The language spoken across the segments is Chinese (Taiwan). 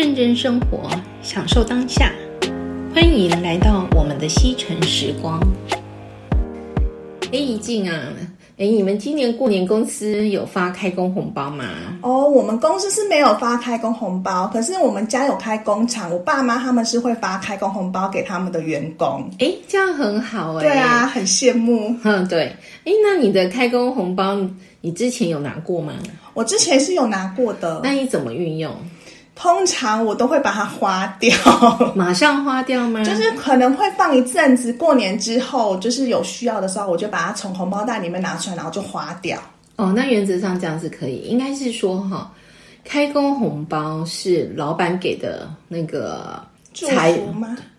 認真生活，享受當下。歡迎來到我們的西城時光。哎，宜靜啊，哎，你們今年過年公司有發開工紅包嗎？哦、oh，我們公司是沒有發開工紅包，可是我們家有開工廠，我爸媽他們是會發開工紅包給他們的員工。哎，這樣很好哎、欸。對啊，很羨慕。嗯，對。哎，那你的開工紅包，你之前有拿過嗎？我之前是有拿過的。那你怎麼運用？通常我都會把它花掉，馬上花掉嗎？就是可能會放一陣子，過年之後就是有需要的時候，我就把它從紅包袋裡面拿出來，然後就花掉。哦，那原則上這樣子可以，應該是說哈，開工紅包是老板給的那個。財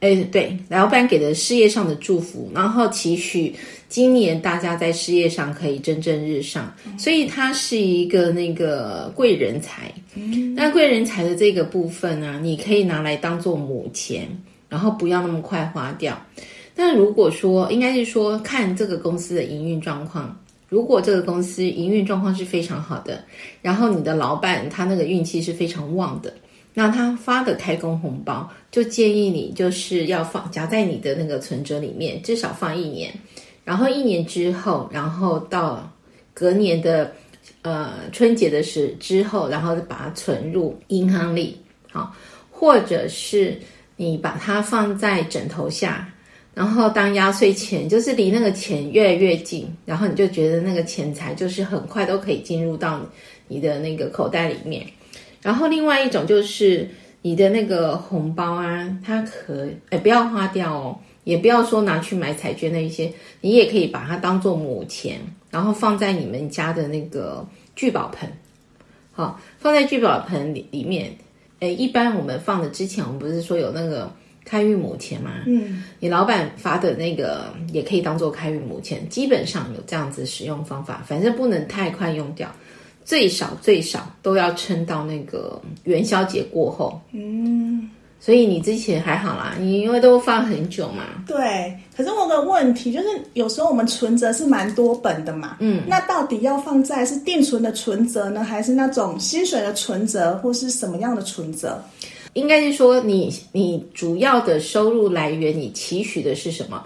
哎、欸，對，老闆給的事業上的祝福，然後期許今年大家在事業上可以蒸蒸日上，所以它是一個那個貴人財。那、嗯、貴人財的這個部分呢、啊，你可以拿來當做母錢，然後不要那麼快花掉。但如果說，應該是說看這個公司的營運狀況，如果這個公司營運狀況是非常好的，然後你的老闆他那個運氣是非常旺的。那他發的開工紅包，就建議你就是要放，夾在你的那個存摺裡面，至少放一年。然後一年之後，然後到隔年的，呃，春節的時之後，然後把它存入銀行裡，好，或者是你把它放在枕頭下，然後當壓歲錢，就是離那個錢越來越近，然後你就覺得那個錢財就是很快都可以進入到你的那個口袋裡面。然後另外一種就是你的那個紅包啊，它可以哎、欸、不要花掉哦，也不要說拿去買彩券那一些，你也可以把它當做母錢，然後放在你們家的那個聚寶盆，好，放在聚寶盆裡裡面。哎、欸，一般我們放的之前我們不是說有那個開運母錢嗎？嗯，你老板發的那個也可以當做開運母錢。基本上有這樣子使用方法，反正不能太快用掉。最少最少都要撐到那個元宵節過後。嗯，所以你之前還好啦，你因為都放很久嘛。對，可是我的問題就是，有時候我們存摺是蠻多本的嘛。嗯。那到底要放在是定存的存摺呢，還是那種薪水的存摺，或是什麼樣的存摺？應該是說你，你你主要的收入來源，你期許的是什麼？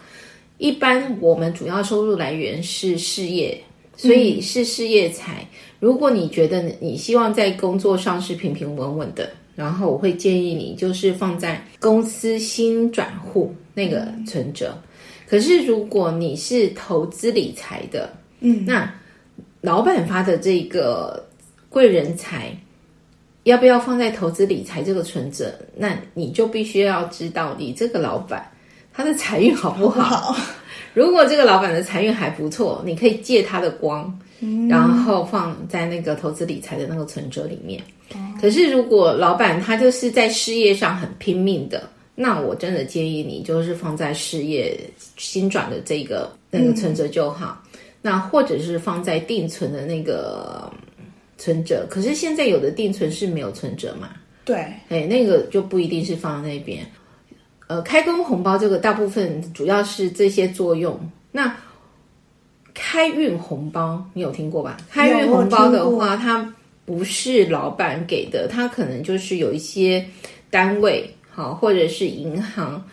一般我們主要收入來源是事業。所以是事業財，嗯。如果你覺得你希望在工作上是平平穩穩的，然後我會建議你就是放在公司薪轉戶那個存折，嗯。可是如果你是投資理財的，嗯，那老板發的這個貴人財，要不要放在投資理財這個存折？那你就必須要知道你這個老板他的財運好不好。如果這個老板的財運還不錯，你可以借他的光，嗯、然後放在那個投資理財的那個存折裡面，哦。可是如果老板他就是在事業上很拼命的，那我真的建議你就是放在事業薪轉的這個那個存折就好，嗯。那或者是放在定存的那個存折。可是現在有的定存是沒有存折嘛？對，哎，那個就不一定是放在那邊。呃，開工紅包這個大部分主要是這些作用。那開運紅包你有聽過吧？開運紅包的話，它不是老闆給的，它可能就是有一些單位好，或者是銀行。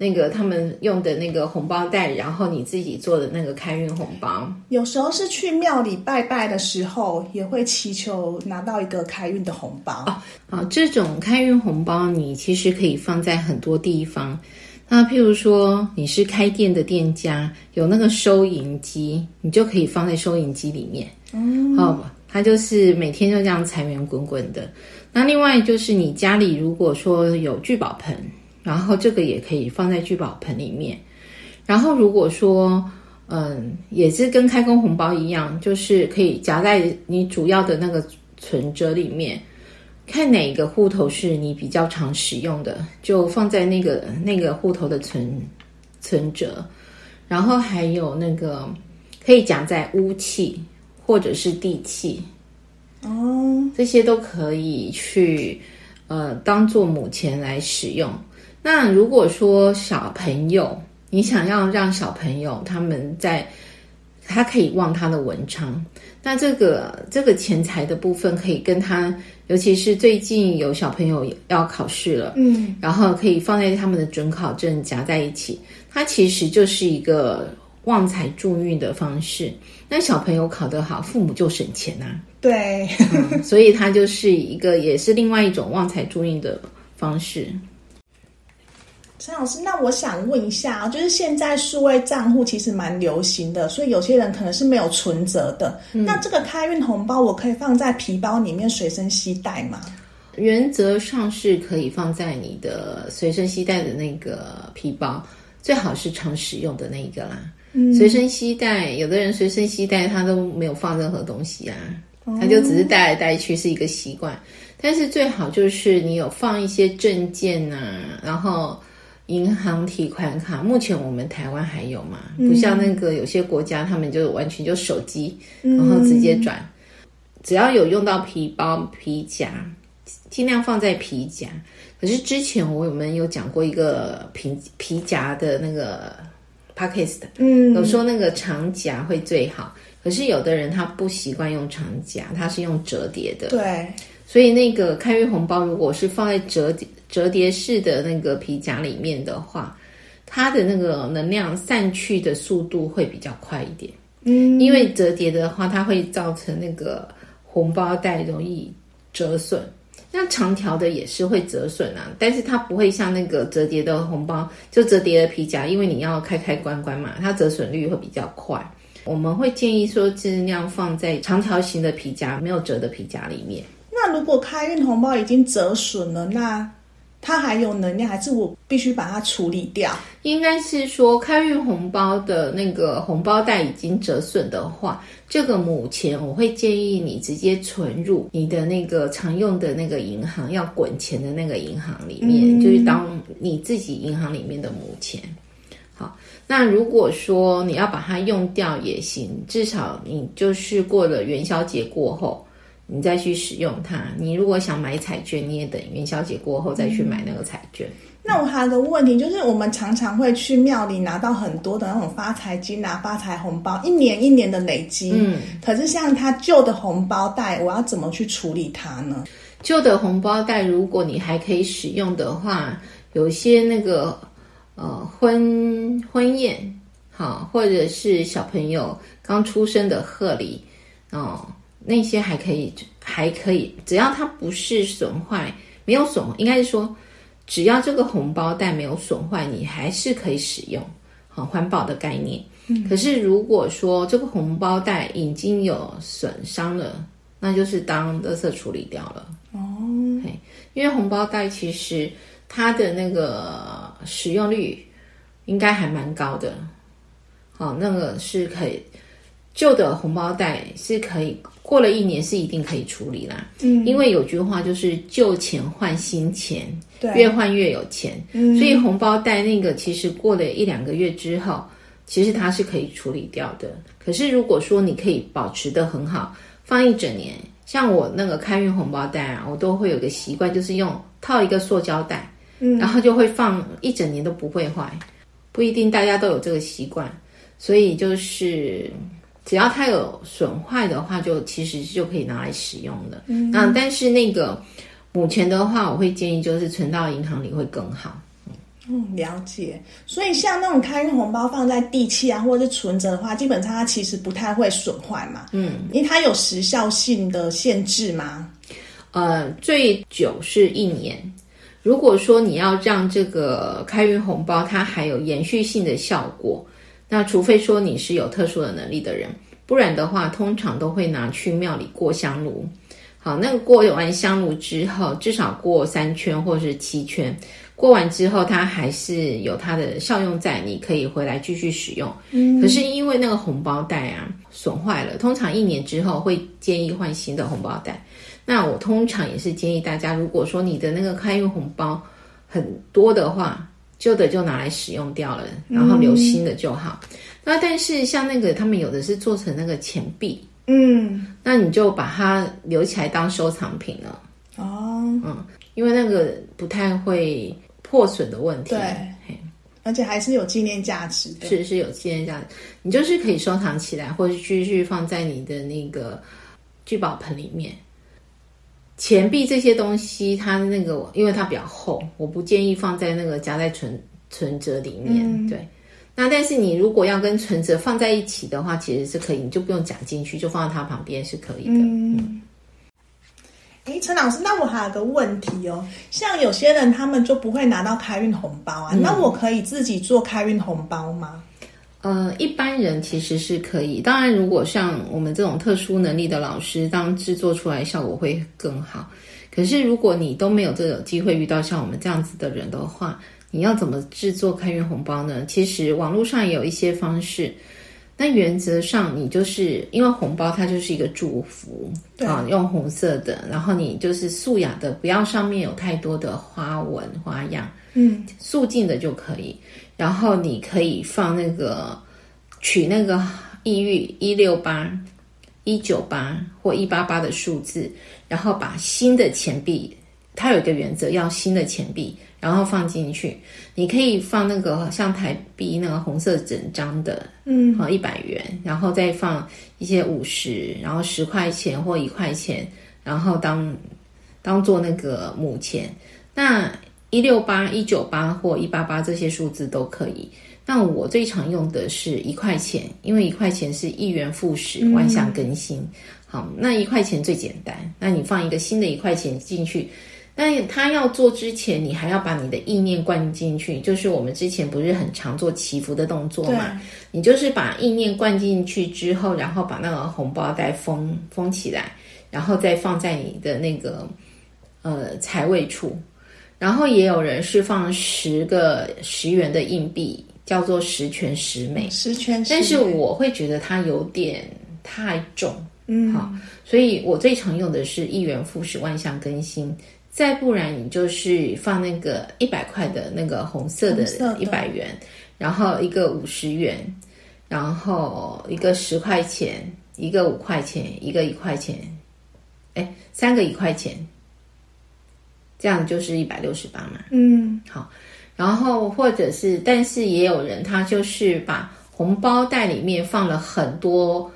那個他們用的那個紅包袋，然後你自己做的那個開運紅包，有時候是去廟裡拜拜的時候，也會祈求拿到一個開運的紅包。啊、哦，好、哦，這種開運紅包你其實可以放在很多地方。那譬如說你是開店的店家，有那個收銀機，你就可以放在收銀機裡面。嗯，好、哦，它就是每天就這樣財源滾滾的。那另外就是你家裡如果說有聚寶盆。然後這個也可以放在聚寶盆裡面，然後如果說，嗯，也是跟開工紅包一樣，就是可以夾在你主要的那個存摺裡面，看哪一個戶頭是你比較常使用的，就放在那個那個戶頭的存存摺，然後還有那個可以夾在屋契或者是地契，哦，這些都可以去呃當做母錢來使用。那如果說小朋友，你想要讓小朋友他們在他可以旺他的文昌，那這個這個錢財的部分可以跟他，尤其是最近有小朋友要考試了，嗯，然後可以放在他們的准考證夾在一起，它其實就是一個旺財助運的方式。那小朋友考得好，父母就省錢吶、啊，對、 嗯，所以它就是一個也是另外一種旺財助運的方式。陳老師，那我想問一下，就是現在數位賬戶其實蠻流行的，所以有些人可能是沒有存折的，嗯。那這個開運紅包，我可以放在皮包裡面隨身攜帶嗎？原則上是可以放在你的隨身攜帶的那個皮包，最好是常使用的那一個啦。嗯，隨身攜帶，有的人隨身攜帶他都沒有放任何東西啊，哦，他就只是帶來帶去是一個習慣。但是最好就是你有放一些證件啊，然後。銀行提款卡目前我們台灣還有嘛、嗯？不像那個有些國家，他們就完全就手機，嗯、然後直接轉。只要有用到皮包皮夾，盡量放在皮夾。可是之前我們有講過一個皮皮夾的那個 pocket，嗯，有說那個長夾會最好。可是有的人他不習慣用長夾，他是用折疊的。對，所以那個開運紅包如果是放在折疊。折疊式的那個皮夾裡面的話，它的那個能量散去的速度會比較快一點。嗯，因為折疊的話，它會造成那個紅包袋容易折損。那長條的也是會折損啊，但是它不會像那個折疊的紅包，就折疊的皮夾，因為你要開開關關嘛，它折損率會比較快。我們會建議說，盡量放在長條形的皮夾，沒有折的皮夾裡面。那如果開運紅包已經折損了，那它還有能量，還是我必須把它處理掉？應該是說，開運紅包的那個紅包袋已經折損的話，這個母錢我會建議你直接存入你的那個常用的那個銀行，要滾錢的那個銀行裡面，嗯嗯，就是當你自己銀行裡面的母錢。好，那如果說你要把它用掉也行，至少你就是過了元宵節過後。你再去使用它。你如果想買彩券，你也等元宵節過後再去買那個彩券。嗯、那我還有個問題就是，我們常常會去廟裡拿到很多的那種發財金拿、啊、發財紅包，一年一年的累積。嗯，可是像它舊的紅包袋，我要怎麼去處理它呢？舊的紅包袋，如果你還可以使用的話，有些那個呃婚婚宴，好、哦，或者是小朋友剛出生的賀禮，哦。那些還可以，還可以，只要它不是損壞，沒有損，應該是說，只要這個紅包袋沒有損壞，你還是可以使用。很環保的概念。嗯，可是如果說這個紅包袋已經有損傷了，那就是當垃圾處理掉了哦。因為紅包袋其實它的那個使用率應該還蠻高的。好，那個是可以舊的紅包袋是可以。過了一年是一定可以處理啦，嗯，因為有句話就是舊錢換新錢，對，越換越有錢，嗯，所以紅包袋那個其實過了一兩個月之後，其實它是可以處理掉的。可是如果說你可以保持得很好，放一整年，像我那個開運紅包袋啊，我都會有個習慣，就是用套一個塑膠袋，嗯，然後就會放一整年都不會壞，不一定大家都有這個習慣，所以就是。只要它有損壞的話，就其實就可以拿來使用的。嗯、那但是那個母錢的話，我會建議就是存到銀行裡會更好。嗯，了解。所以像那種開運紅包放在地契啊，或者是存折的話，基本上它其實不太會損壞嘛。嗯，因為它有時效性的限制嗎？呃，最久是一年。如果說你要讓這個開運紅包它還有延續性的效果。那除非說你是有特殊的能力的人，不然的話，通常都會拿去廟裡過香爐。好，那個過完香爐之後，至少過三圈或是七圈，過完之後它還是有它的效用在，你可以回來繼續使用。嗯。可是因為那個紅包袋啊損壞了，通常一年之後會建議換新的紅包袋。那我通常也是建議大家，如果說你的那個開運紅包很多的話，舊的就拿來使用掉了，然後留新的就好。嗯。那但是像那個，他們有的是做成那個錢幣，嗯，那你就把它留起來當收藏品了。哦，嗯，因為那個不太會破損的問題，對，嘿，而且還是有紀念價值的，是，是有紀念價值，你就是可以收藏起來，或者繼續放在你的那個聚寶盆裡面。錢幣這些東西，它那個因為它比較厚，我不建議放在那個夾在存存折裡面。嗯。對，那但是你如果要跟存折放在一起的話，其實是可以，你就不用夾進去，就放在它旁邊是可以的。嗯。哎，陳老師，那我還有個問題哦，像有些人他們就不會拿到開運紅包啊，嗯、那我可以自己做開運紅包嗎？呃，一般人其實是可以。當然，如果像我們這種特殊能力的老師，當製作出來效果會更好。可是，如果你都沒有這種機會遇到像我們這樣子的人的話，你要怎麼制作開運紅包呢？其實，網絡上也有一些方式。那原則上，你就是因為紅包它就是一個祝福對啊，用紅色的，然後你就是素雅的，不要上面有太多的花紋花樣，嗯，素淨的就可以。然後你可以放那個取那個寓意一六八、一九八或一八八的數字，然後把新的錢幣，它有一個原則，要新的錢幣。然後放進去，你可以放那個像台幣那個紅色整張的，嗯，好一百元，然後再放一些五十，然後十塊錢或一塊錢，然後當當做那個母錢。那一六八、一九八或一八八這些數字都可以。那我最常用的是一塊錢，因為一塊錢是一元復始，嗯，萬象更新，好，那一塊錢最簡單。那你放一個新的一塊錢進去。但他要做之前，你還要把你的意念灌進去。就是我們之前不是很常做祈福的動作嘛？你就是把意念灌進去之後，然後把那個紅包袋封封起來，然後再放在你的那個呃財位處。然後也有人是放十個十元的硬幣，叫做十全十美。十全十美。但是我會覺得它有點太重，嗯，好。所以我最常用的是一元復始，萬象更新。再不然，你就是放那個一百塊的那個紅色的 ,100 紅色的一百元，然後一個五十元，然、嗯、後一個十塊錢，一個五塊錢，一個一塊錢，哎，三個一塊錢，這樣就是一百六十八嘛。嗯，好，然後或者是，但是也有人他就是把紅包袋裡面放了很多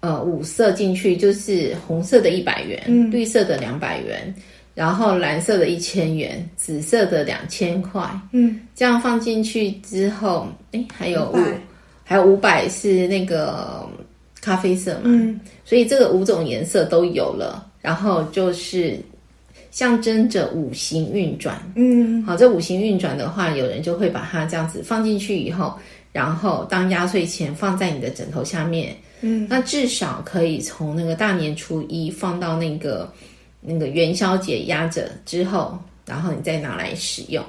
呃五色進去，就是紅色的一百元、嗯，綠色的兩百元。然後藍色的一千元，紫色的兩千塊，嗯，這樣放進去之後，哎，還有五，還有五百是那個咖啡色嘛，嗯，所以這個五種顏色都有了，然後就是象徵着五行運轉，嗯，好，這五行運轉的話，有人就會把它這樣子放進去以後，然後當壓歲錢放在你的枕頭下面，嗯，那至少可以從那個大年初一放到那個。那個元宵節壓着之後，然後你再拿來使用。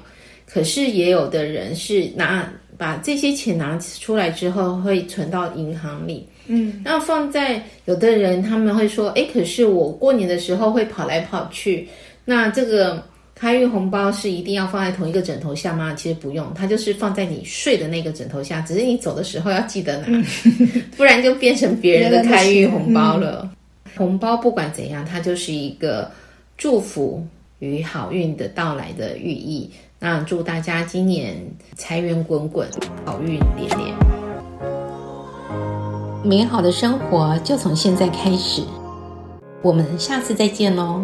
可是也有的人是拿把這些錢拿出來之後，會存到銀行裡。嗯，那放在有的人他們會說：“哎，可是我過年的時候會跑來跑去。”那這個開運紅包是一定要放在同一個枕頭下嗎？其實不用，它就是放在你睡的那個枕頭下，只是你走的時候要記得拿，嗯、 不然就變成別人的開運紅包了。嗯嗯紅包不管怎樣，它就是一個祝福與好運的到來的寓意。那祝大家今年財源滾滾，好運連連。美好的生活就從現在開始，我們下次再見嘍。